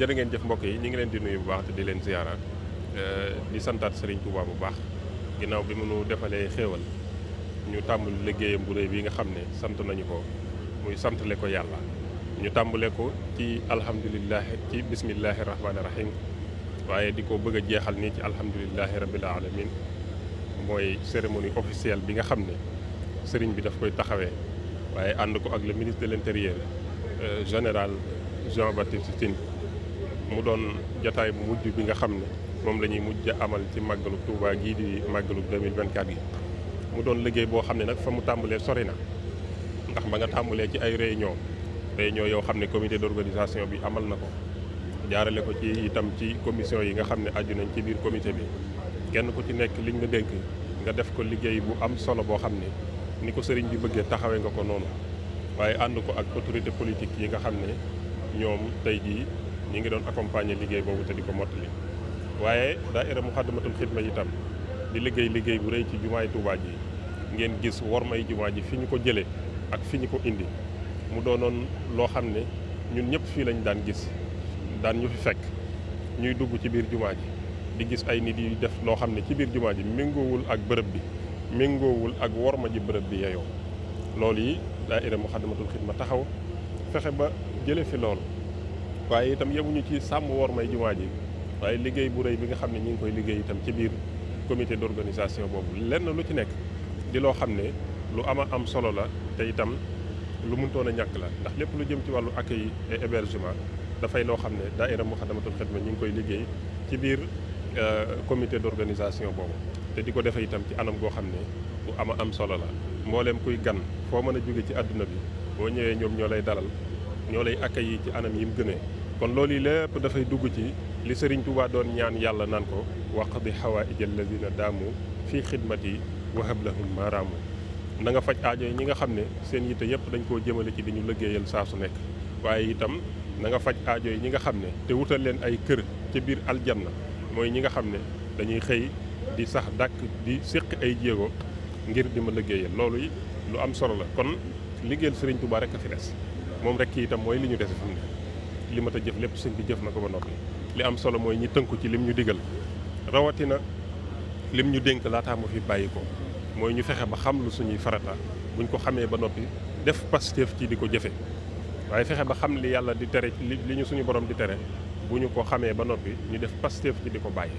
jërë ngeen jëf mbokk yi ñu ngi leen di nuyu bu baax te di leen ziyaara eh, di santaat Serigne Touba bu baax ginnaaw bi mu nu defalee xéewal ñu tàmbul liggéeyam bu réy bi nga xam ne sant nañu ko muy santale ko yàlla ñu tàmbale ko ci alhamdulilahi ci bismillahi rahmaani rahim waaye di ko bëgg a jeexal nii ci alhamdulilahi rabbil alamin mooy cérémonie officielle bi nga xam ne sëriñ bi daf koy taxawee waaye ànd ko ak le ministre de l'intérieur eh, général Jean-Baptiste mu doon jataay bu mujj bi nga xam ne moom lañuy ñuy mujj amal ci màggalu Touba gii di màggalu 2024 gi mu doon liggéey boo xam ne nag fa mu tàmbalee sori na ndax ma nga tàmbalee ci ay réunion ñoo yow xam ne comité d'organisation bi amal na ko jaarale ko ci itam ci commission yi nga xam ne aju nañ ci biir comité bi kenn ku ci nekk liñ la dénk nga def ko liggéey bu am solo boo xam ne ni ko sëriñ bi bëggee taxawee nga ko noonu waaye ànd ko ak autorité politique yi nga xam ne ñoom tey jii ñu ngi doon accompagner liggéey boobu te di ko mottali waaye daayira Muxaddamatul Xidma itam di liggéey liggéey bu rëy ci jumaay Tuubaa ji ngeen gis wormay jumaa ji fi ñu ko jëlee ak fi ñu ko indi mu doonoon loo xam ne ñun ñëpp fii lañ daan gis daan ñu fi fekk ñuy dugg ci biir jumaa ji di gis ay nit yu def loo xam ne ci biir jumaa ji méngoowul ak bërëb bi méngoowul ak worma ji bërëb bi yeyoo loolu yi daa daayira Muxaddamatul Xidma taxaw fexe ba jële fi loolu waaye itam yemuñu ci sàmm wor may jumaa ji waaye liggéey bu rëy bi nga xam ne ñi ngi koy liggéey itam ci biir comité d'organisation boobu lenn lu ci nekk di loo xam ne lu ama am solo la te itam lu mëntoon a ñàkk la ndax lépp lu jëm ci wàllu accueil yi hébergement dafay loo xam ne daayira Muxaddamatul Xidma ñi ngi koy liggéey ci biir euh, comité d'organisation boobu te di ko defe itam ci anam goo xam ne bu ama am solo la mbooleem kuy gan foo mën a jóge ci àdduna bi boo ñëwee ñoom ñoo lay dalal ñoo lay accueillir ci anam yi mu gënee kon loolu yi lépp dafay dugg ci li Serigne Touba doon ñaan yàlla naan ko waq di xawaaija alladina daamu fii xidmati wahab lahum maaraamu na nga faj aajo yi ñi nga xam ne seen yitte yëpp dañ koo jëmale ci di ñu liggéeyal saa su nekk waaye itam na nga faj aajo yi ñi nga xam ne te wutal leen ay kër ca biir aljanna mooy ñi nga xam ne dañuy xëy di sax dàkk di séq ay jéego ngir di ma liggéeyal loolu yi lu am solo la kon liggéeyal Serigne Touba rek a fi moom rek kii itam mooy li ñu dese fi li mat a jëf lépp sëñ bi jëf na ko ba noppi li am solo mooy ñi tënku ci lim ñu digal rawatina lim ñu dénk laataa mu fi bàyyi ko mooy ñu fexe ba xam lu suñuy farata buñ ko xamee ba noppi def pasteef ci di ko jëfe waaye fexe ba xam li yàlla di tere li ñu suñu borom di tere bu ñu ko xamee ba noppi ñu def pasteef ci di ko bàyyi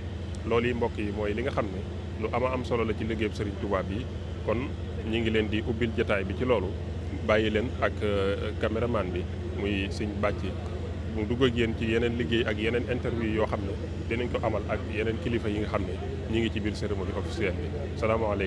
loolu yi mbokk yi mooy li nga xam ne lu ama am solo la ci liggéeyub Sëriñ Tuubaa bi kon ñi ngi leen di ubbil jataay bi ci loolu bàyyi leen ak euh, caméraman bi muy sëñ bàcc mu dugg ak yéen ci yeneen liggéey ak yeneen interview yoo xam ne dinañ ko amal ak yeneen kilifa yi nga xam ne ñu ngi ci biir cérémonie officielle bi salaamaaleykum